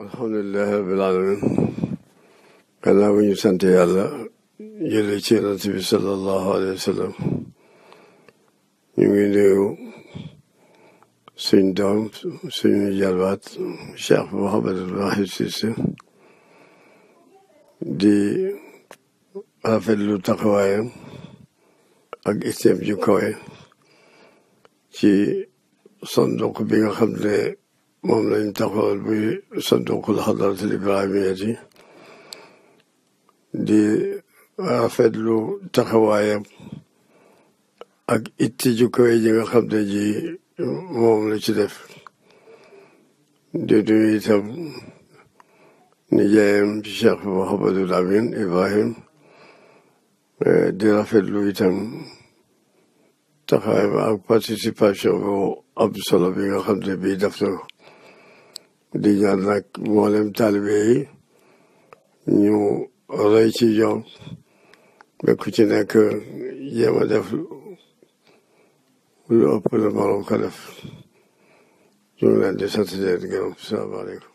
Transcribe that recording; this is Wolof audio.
alhamdulilah rabbil alamin gannaaw bu ñu sant yàlla jële ci yonent bi sallallahu alayhi wa ñu ngi nuyu suñ doom suñu jarbaat Cheikh Mouhamadul Mahi Cissé di rafetlu taxawaayam ak itam ju kawe ci sondok bi nga xam ne moom lañ taxawal muy saddukul xadratil ibrahimiya yi di rafetlu taxawaayam ak itti ju kawe ji nga xam ne ji moom la ci def di nuyu itam nijaayam Cheikh Mouhamadul Amin Ibrahim eh, di rafetlu itam taxawaayam ak participation bu am bi nga xam ne bii def na di ñaan nag mboolem taalibe yi ñu roy ci ñoom ba ku ci nekk jéem a def lu ëpp la moroom ko def ñu ngi leen di sant di leen gërëm salaamaaleykum